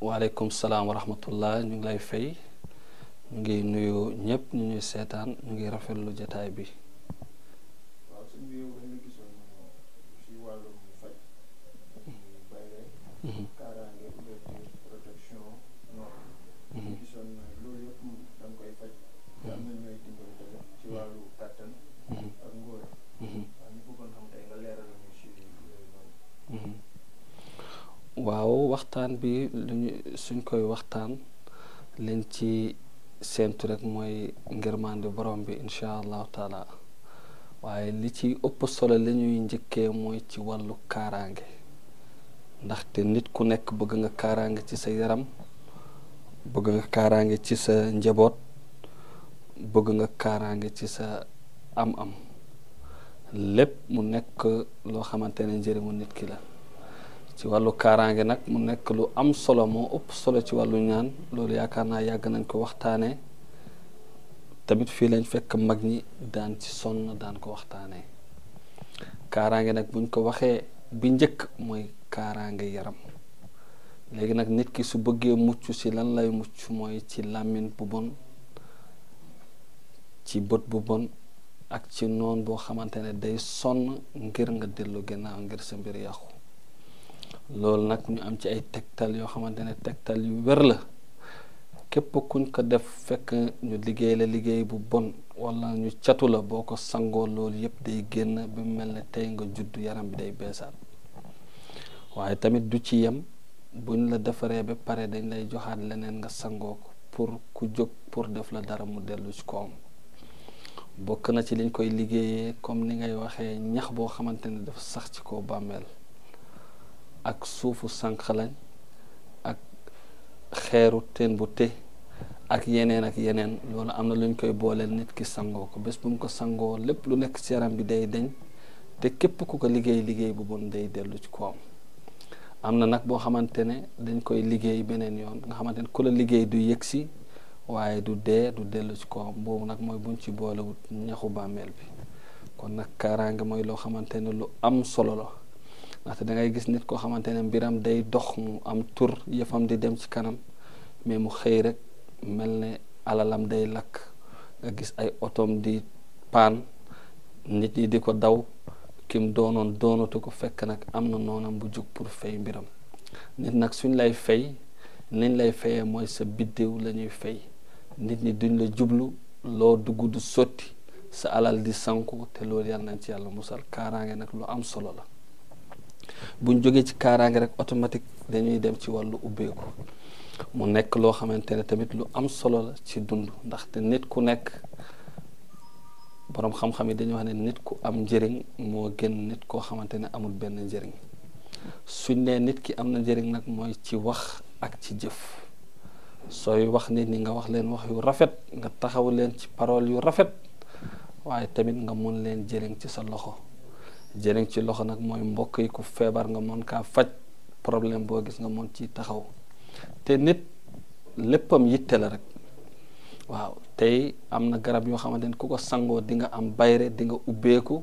waaleykum salaam wa rahmatullah ñu ngi lay fay ñu ngi nuyu ñëpp ñu ñuy seetaan ñu ngi rafetlu jataay bi. waaw waxtaan bi lu ñu suñ koy waxtaan liñ ci séentu rek mooy borom bi incha allahu taala waaye li ci ëpp solo ke ñuy njëkkee mooy ci wàllu kaaraange ndaxte nit ku nekk bëgg nga kaaraange ci sa yaram bëgg nga kaaraange ci sa njaboot bëgg nga kaaraange ci sa am-am lépp mu nekk loo xamante ne mu nit ki la ci walu karange nak mu nek lu am solo mo upp solo ci walu ñaan loolu yaakaar naa yàgg nañ ko waxtaanee tamit fii lañ fekk mag ñi daan ci sonn daan ko waxtaanee karange nag buñ ko waxee bi njëkk mooy karange yaram léegi nag nit ki su bëggee mucc ci lan lay mucc mooy ci làmmiñ bu bon ci bët bu bon ak ci noon boo xamante ne day sonn ngir nga dellu gannaaw ngir sa mbir yàqu loolu nag ñu am ci ay tegtal yoo xamante ne tegtal yu wér la képp kuñ ko def fekk ñu liggéey la liggéey bu bon wala ñu catu la boo ko sangoo loolu yëpp day génn bi mel ne tey nga judd yaram bi day beesaat waaye tamit du ci yem buñ la defaree ba pare dañ lay joxaat leneen nga sangoo ko pour ku jóg pour def la dara mu dellu ci koom bokk na ci liñ koy liggéeyee comme ni ngay waxee ñax boo xamante ne dafa sax ci kaw bàmmeel ak suufu sànqalañ ak xeeru ten bu te ak yeneen ak yeneen loolu am na lu ñu koy booleel nit ki sangoo ko bés bu mu ko sangoo lépp lu nekk ci yaram bi day deñ te képp ku ko liggéey liggéey bu bon day dellu ci koom am na nag boo xamante ne dañ koy liggéey beneen yoon nga xamante ne ku la liggéey du yëg si waaye du dee du dellu ci koom boobu nag mooy buñ ci boolewut ñaxu bàmmeel bi kon nag kaaraange mooy loo xamante ne lu am solo la ndaxte da ngay gis nit koo xamante ne mbiram day dox mu am tur yëfam di dem ci kanam mais mu xëy rek mel ne alalam day lakk nga gis ay otom di paan nit ñi di ko daw kim doonoon doonatu ko fekk nag am na noonam bu jóg pour fay mbiram nit nag suñ lay fay niñ lay fayee mooy sa biddew la ñuy fay nit ñi duñ la jublu loo dugg du sotti sa alal di sanku te loolu yàlla nañ ci yàlla musal kaaraange nag lu am solo la bu ñu jógee ci kaaraange rek automatique dañuy dem ci wàllu ubbeeku mu nekk loo xamante ne tamit lu am solo la ci dund ndaxte nit ku nekk boroom xam-xam yi dañuy wax ne nit ku am njëriñ moo gën nit koo xamante ne amul benn njëriñ suñ nee nit ki am na njëriñ nag mooy ci wax ak ci jëf sooy wax nit ñi nga wax leen wax yu rafet nga taxaw leen ci parole yu rafet waaye tamit nga mun leen jëriñ ci sa loxo. jëriñ ci loxo nag mooy mbokk yi ku feebar nga mën kaa faj problème boo gis nga mën ci taxaw te nit léppam yitte la rek waaw tey am na garab yoo xamante ni ku ko sangoo di nga am bayre di nga ubbeeku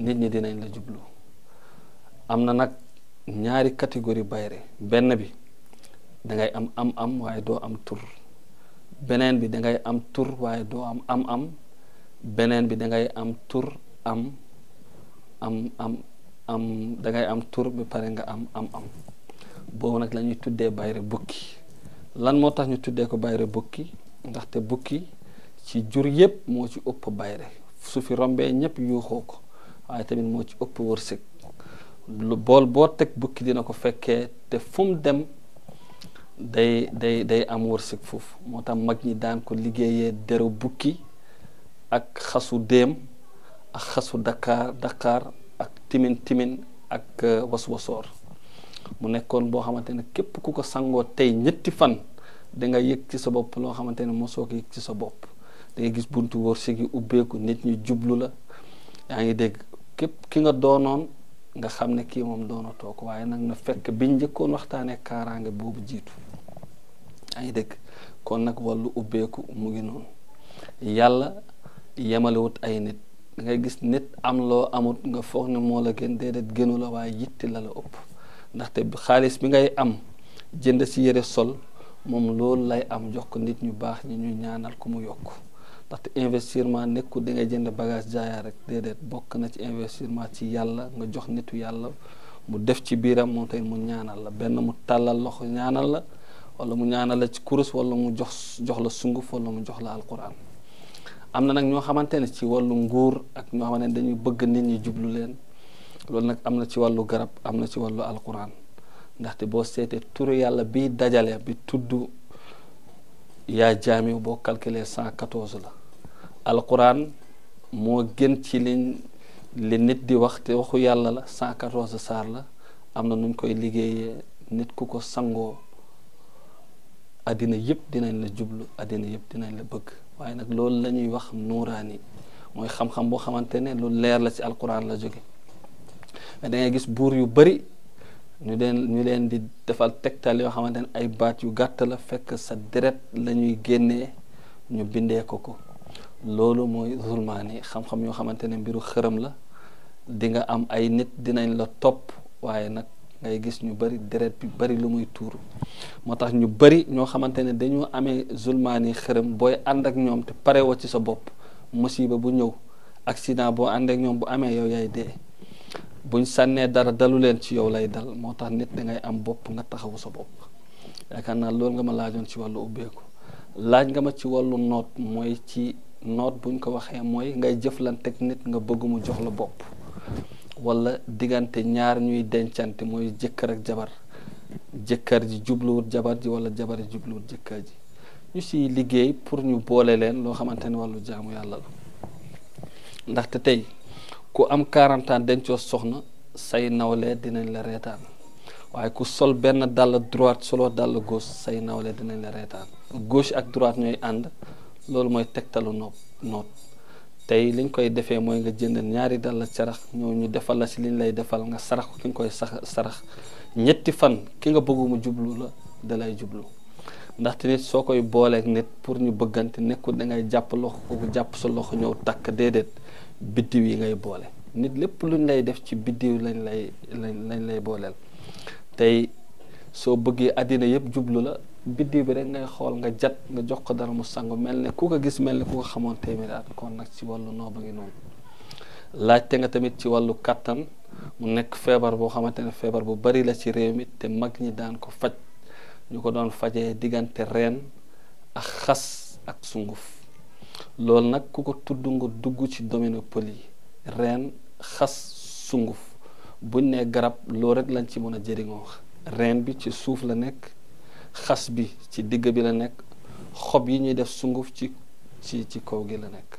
nit ñi dinañ la jublu am na nag ñaari catégorie bayre benn bi da ngay am am am doo am tur beneen bi da ngay am tur waaye doo am am am beneen bi da ngay am tur am am am am dangay am tur bi pare nga am am am boobu nag la tuddee bayre bukki lan moo tax ñu tuddee ko bayre bukki ndaxte bukki ci jur yëpp moo ci ëpp bayre su fi rombee ñëpp yuuxoo ko waaye tamit moo ci ëpp wërsëg lu bool boo teg bukki dina ko fekkee te fum dem day day day am wërsëg foofu moo tax mag ñi daan ko liggéeyee deru bukki ak xasu déem ak xasu Dakar Dakar ak timin timin ak wasor mu nekkoon boo xamante ne képp ku ko sangoo tey ñetti fan da nga yëg ci sa bopp loo xamante ne mosoo ko yëg ci sa bopp da gis buntu wërsëg yi ubbeeku nit ñi jublu la yaa ngi dégg képp ki nga doonoon nga xam ne kii moom doonatoo ko waaye nag na fekk biñ njëkkoon waxtaanee kaaraange boobu jiitu yaa ngi dégg kon nag wàllu ubbeeku mu ngi noonu yàlla yemalewut ay nit da ngay gis nit am loo amut nga foog ne moo la gën déedéet gënu la waaye yitti la la ëpp ndaxte xaalis bi ngay am jënd si yére sol moom loolu lay am jox ko nit ñu baax ñi ñu ñaanal ko mu yokk ndaxte investissement nekkul da ngay jënd bagage jaayaa rek déedéet bokk na ci investirement ci yàlla nga jox nitu yàlla mu def ci biiram moom tey mu ñaanal la benn mu tàllal loxo ñaanal la wala mu ñaanal la ci kurus wala mu jox jox la sunguf wala mu jox la alquran am na nag ñoo xamante ne ci wàllu nguur ak ñoo xamante dañuy bëgg nit ñi jublu leen loolu nag am na ci wàllu garab am na ci wàllu alquran ndaxte boo seetee turu yàlla bi dajale bi tudd yaa jaami boo calculer cent quatorze la alquran moo gën ci liñ li nit di wax te waxu yàlla la cent quatorze saar la am na nuñ koy liggéeyee nit ku ko sangoo àddina yëpp dinañ la jublu àddina yëpp dinañ la bëgg waaye nag loolu la ñuy wax nuuraani mooy xam-xam boo xamante ne lu leer la ci alquran la jóge mais da gis buur yu bari ñu leen ñu leen di defal tegtal yoo xamante ne ay baat yu gàtt la fekk sa deret lañuy ñuy génnee ñu bindee ko ko loolu mooy zulmaani xam-xam yoo xamante ne mbiru xërëm la di nga am ay nit dinañ la topp waaye nag ngay gis ñu bëri deret bi bëri lu muy tuuru moo tax ñu bëri ñoo xamante ne dañoo amee zulmaani xërëm booy ànd ak ñoom te pare wa ci sa bopp musiba bu ñëw accident boo ànd ak ñoom bu amee yow yaay dee buñ sànnee dara dalu leen ci yow lay dal moo tax nit da ngay am bopp nga taxawu sa bopp yaakaar naa loolu nga ma laajoon ci wàllu ubbeeku laaj nga ma ci wàllu noot mooy ci noot buñ ko waxee mooy ngay jëflanteeg nit nga bëgg mu jox la bopp wala diggante ñaar ñuy dencante mooy jëkkër ak jabar jëkkër ji jubluwut jabar ji wala jabar ji jubluwut jëkkër ji ñu siy liggéey pour ñu boole leen loo xamante ne wàllu jaamu yàlla la ndaxte tey ku am 40 dencoo soxna say nawle dinañ la reetaan waaye ku sol benn dàll droite solo dàll gauche say nawle dinañ la reetaan gauche ak droite ñooy ànd loolu mooy tegtalu noot noot tey liñ koy defee mooy nga jënd ñaari dàll sarax ñoo ñu defal la si liñ lay defal nga sarax ki nga koy sax sarax ñetti fan ki nga bëgg mu jublu la dalay jublu ndaxte nit soo koy booleeg nit pour ñu bëggante nekkul dangay ngay jàpp loxo kooku jàpp sa loxo ñëw takk déedéet biddiw yi ngay boole nit lépp luñ lay def ci biddiw lañ lay lañ lay booleel tey soo bëggee àddina yëpp jublu la biddiw bi rek ngay xool nga jat nga jox ko dara mu sangu mel ni ku ko gis mel ni ku ko xamoon téeméeri at kon nag ci wàllu noo ba ngi noonu laajte nga tamit ci wàllu kàttan mu nekk feebar boo xamante ne feebar bu bari la ci réew mi te mag ñi daan ko faj ñu ko doon fajee diggante reen ak xas ak sunguf loolu nag ku ko tudd nga dugg ci domaine pël yi reen xas sunguf buñ ne garab loo rek lañ ci mën a jëriñoo reen bi ci suuf la nekk xas bi ci digg bi la nekk xob yi ñuy def sunguf ci ci ci kaw gi la nekk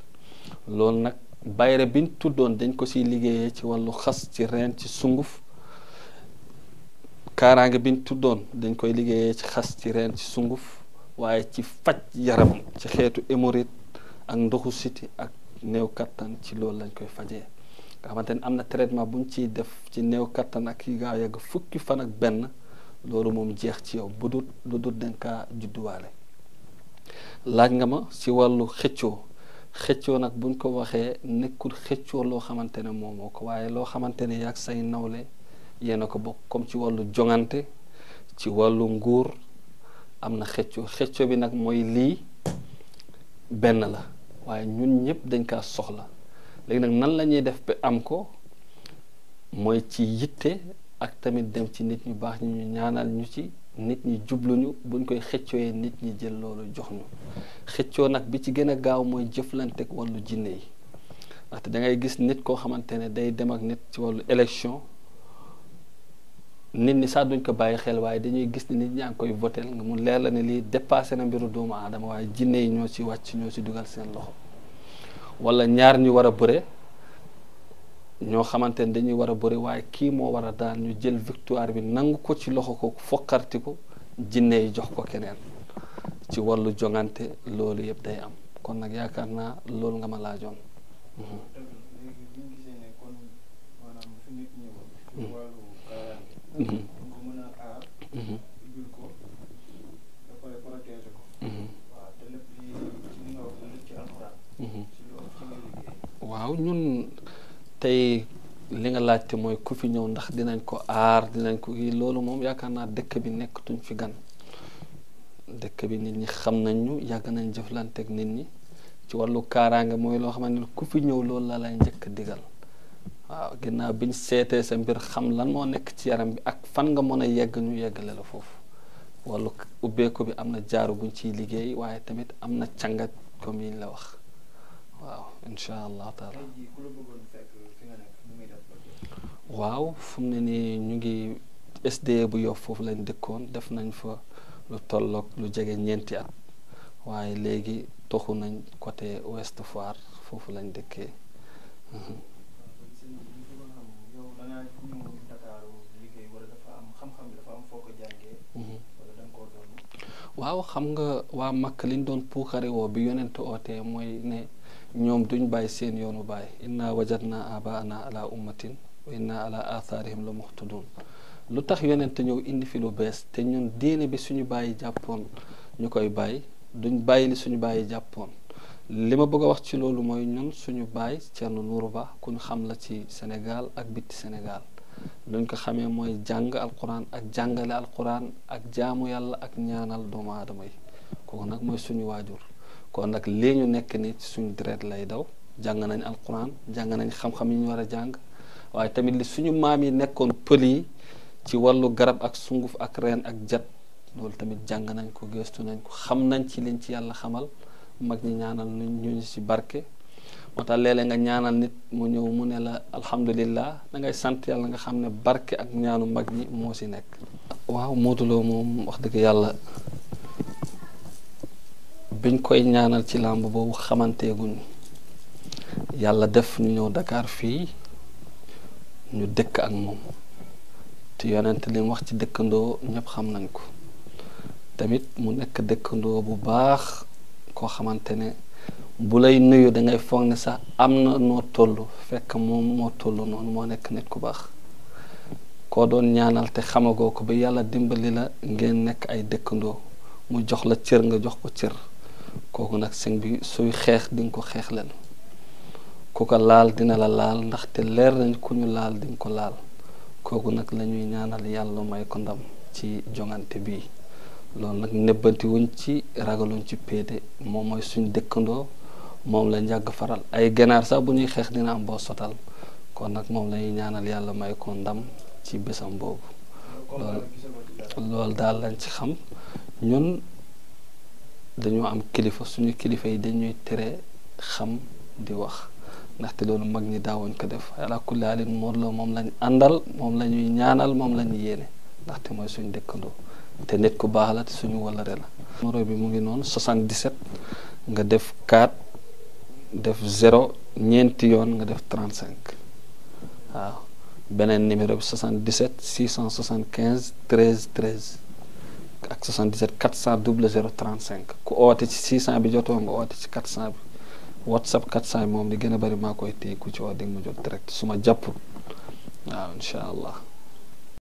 loolu nag bayre biñ tuddoon dañ ko siy liggéeyee ci wàllu xas ci reen ci sunguf kaaraange biñ tuddoon dañ koy liggéeyee ci xas ci reen ci sunguf waaye ci faj yaram ci xeetu hémorroïde ak ndoxu siti ak néew kattan ci loolu lañ koy fajee nga xamante ne am na traitement buñ ciy def ci néew kattan ak yi gaaw yegg fukki fan ak benn loolu moom jeex ci yow bu dut lu dut danga kaa judduwaale laaj nga ma ci wàllu xëccoo xëccoo nag buñ ko waxee nekkul xëccoo loo xamante ne moomoo ko waaye loo xamante ne ak say nawle yéen ko bokk comme ci wàllu jongante ci wàllu nguur am na xëccoo xëccoo bi nag mooy lii benn la waaye ñun ñëpp dañ kaa soxla léegi nag nan lañuy def ba am ko mooy ci yitte ak tamit dem ci nit ñu baax ñu ñaanal ñu ci nit ñi jubluñu buñ koy xëccooyee nit ñi jël loolu jox ñu xëccoo nag bi ci gën a gaaw mooy jëflanteeg wàllu jinne yi ndaxte da ngay gis nit koo xamante ne day dem ak nit ci wàllu élection nit ñi sax duñ ko bàyyi xel waaye dañuy gis ni nit ñaa ngi koy votel nga mu leer la ne lii dépassé na mbiru doomu aadama waaye jinne yi ñoo ci wàcc ñoo ci dugal seen loxo wala ñaar ñu war a ñoo xamante ne dañuy war a bëri waaye kii moo wara a ñu jël victoire bi nangu ko ci loxo ko fokkarti ko jinne jox ko keneen ci wàllu jongante loolu yëpp day am kon nag yaakaar naa loolu nga ma laajoon. Mhm. te mooy ku fi ñëw ndax dinañ ko aar dinañ ko kii loolu moom yaakaar naa dëkk bi nekkatuñ fi gan dëkk bi nit ñi xam nañ ñu yàgg nañ jëflanteeg nit ñi ci wàllu kaaraange mooy loo xamante ne ku fi ñëw loolu la lay njëkk digal waaw ginnaaw biñ seetee sa mbir xam lan moo nekk ci yaram bi ak fan nga mën a yegg ñu yeggale la foofu wàllu ubbeeku bi am na jaaru buñ ciy liggéey waaye tamit am na càngat comme yiñ la wax waaw incha allah taala waaw fum mu ne nii ñu ngi sd bu Yoff foofu lañ dëkkoon def nañ fa lu tolloog lu jege ñeenti at waaye léegi toxu nañ côté Ouest Foire foofu lañ dëkkee. Mhm. Mhm. waaw xam nga waa makk liñ doon puukare woo bi yonent ootee mooy ne ñoom duñ bàyyi seen yoonu baay inna wajadna abaana ala ummatin wa inna ala atharihim la muhtadun lu tax yonent ñëw indi fi lu bees te ñun diine bi suñu bàyyi jàppoon ñu koy bàyyi duñ bàyyi li suñu bàyyi jàppoon li ma bëgg a wax ci loolu mooy ñun suñu bàyyi Thierno Nourou Ba ku ñu xam la ci Sénégal ak bitti Sénégal luñ ko xamee mooy jàng alquran ak jàngale alquran ak jaamu yàlla ak ñaanal doomu aadama yi kooku nag mooy suñu waajur kon nag lii ñu nekk ni suñu deret lay daw jàng nañu nañ alquran jàng nañ xam yi ñu war a jàng waaye tamit li suñu maam yi nekkoon pël yi ci wàllu garab ak sunguf ak reen ak jat loolu tamit jàng nañ ko gëstu nañ ko xam nañ ci liñ ci yàlla xamal mag ñi ñaanal ñu ci barke moo nit mu ñëw mu ne la alhamdulilah da ngay sant yàlla nga xam ne barke ak ñaanu mag ñi moo ci nekk. waaw Modou Lo moom wax dëgg yàlla biñ koy ñaanal ci làmb boobu xamanteeguñ yàlla def ñu ñëw Dakar fii. ñu dëkk ak moom te yonent li wax ci dëkkandoo ñëpp xam nañ ko tamit mu nekk dëkkandoo bu baax koo xamante ne bu lay nuyu dangay ngay foog ne sax am na noo toll fekk moom moo toll noonu moo nekk nit ku baax koo doon ñaanal te xamagoo ko ba yàlla dimbali la ngeen nekk ay dëkkandoo mu jox la cër nga jox ko cër kooku nag sëñ bi suy xeex di nga ko xeex leen ku laal dina la laal ndaxte leer nañ ku ñu laal ko laal kooku nag la ñuy ñaanal yàlla may ko ci jongante bi loolu nag nebbanti ci ragaluñ ci péete moom mooy suñ dëkkandoo moom la njàgg faral ay ganaar sax bu ñuy xeex dina boo sotal kon nag moom la ñaanal yàlla may ko ndam ci bésam boobu loolu daal lañ ci xam ñun dañoo am kilifa suñu kilifa yi dañuy tere xam di wax ndaxte loolu mag ñi daaw daawuñ ko def ala kulli haalin Modou Lo moom lañ àndal moom la ñuy ñaanal moom la ñuy yéene ndaxte mooy suñ dëkkandoo te nit ku baax la te suñu walare la. numéro bi mu ngi noonu 77 nga def 4 def 0 ñeenti yoon nga def 35 waaw beneen numéro bi 77 675 13 13 ak 77 400 00 35 ku oote ci 600 bi jotoo nga oote ci 400 bi. whatsapp kat saay moom li gën a bëri maa koy téye ku ci wax di ma jot direct su ma jàppul waaw incha allah